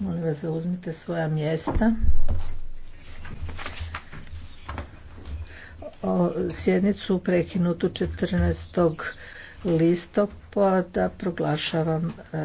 Molim vas zauzmite svoja mjesta. O sjednicu prekinutu 14. listopada proglašavam e,